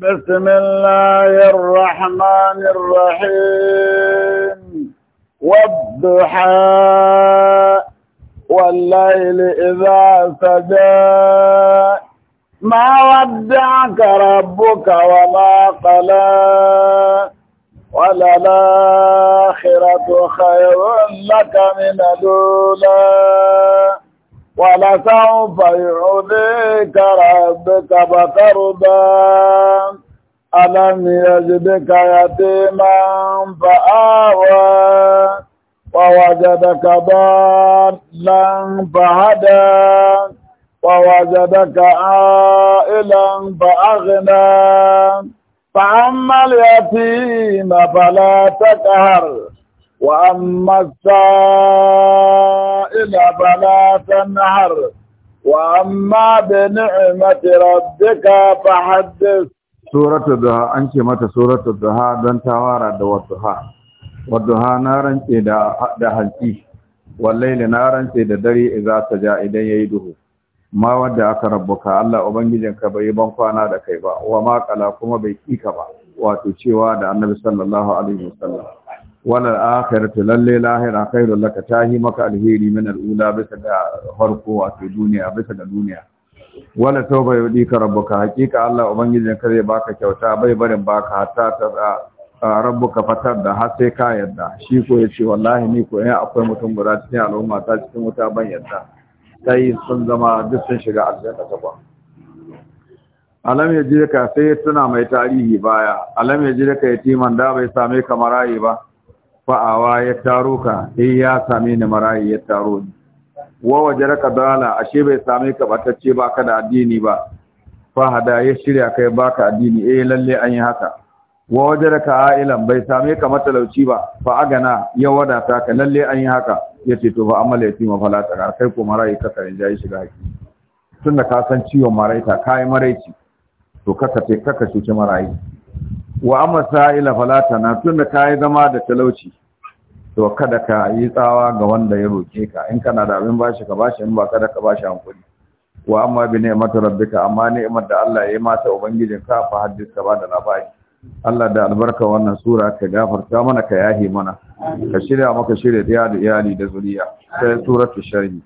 بسم الله الرحمن الرحيم والضحى والليل إذا سجى ما ودعك ربك وما قلى وللآخرة خير لك من الأولى ولسوف يعذيك ربك فترضى ألم يجدك يتيما فآوى ووجدك ضالا فهدى ووجدك عائلا فأغنى فأما اليتيم فلا تكهر وأما السائل إلى فلا النهر وأما بنعمة ربك فحدث سورة الدهاء أنت متى سورة الضحى دون توارى الدهاء والدهاء نارا دا هنتي والليل نارا دا دري إذا سجا إلي يده ما ودعك ربك الله أبنجيك بيبان فانا دا كيبا وما قلا كما با واتو cewa da annabi الله عليه وسلم wannan akhiratu lalle lahira khairul laka tahi maka alheri min alula bisa harko farko wato duniya bisa da duniya wala tauba ka rabbuka hakika Allah ubangijin kaza zai baka kyauta bai barin baka hatta ta rabbuka fatar da har sai ka yadda shi ko yace wallahi ni ko akwai mutum guda cikin al'umma ta cikin wuta ban yadda sai sun zama duk sun shiga aljanna ta kwa alam sai tuna mai tarihi baya alam yajirka yatiman da bai same kamarayi ba fa'awa ya taro ka eh ya sami ni marayi ya taro ni wa raka dala ashe bai sami ka batacce ba ka da addini ba fa hada ya shirya kai baka addini eh lalle an yi haka wa raka ailan bai sami ka matalauci ba fa agana ya wadata ka lalle an yi haka yace to ba amala ma fala tsaka kai ko marayi ka karin jayi shiga haki tunda ka san ciwon maraita kai maraici to kaka ce kaka cuce marayi wa amma sa'ila tun da ka kai zama da talauci to kada ka yi tsawa ga wanda ya roke ka in kana da abin bashi ka bashi in ba kada ka bashi hankuri wa amma bi ni'mati rabbika amma ni'mar da Allah ya yi mata ubangijin ka fa haddis ka ba da labari Allah da albarka wannan sura ka gafarta mana ka yahi mana ka shirya maka shirya da iyali da zuriya sai suratu sharhi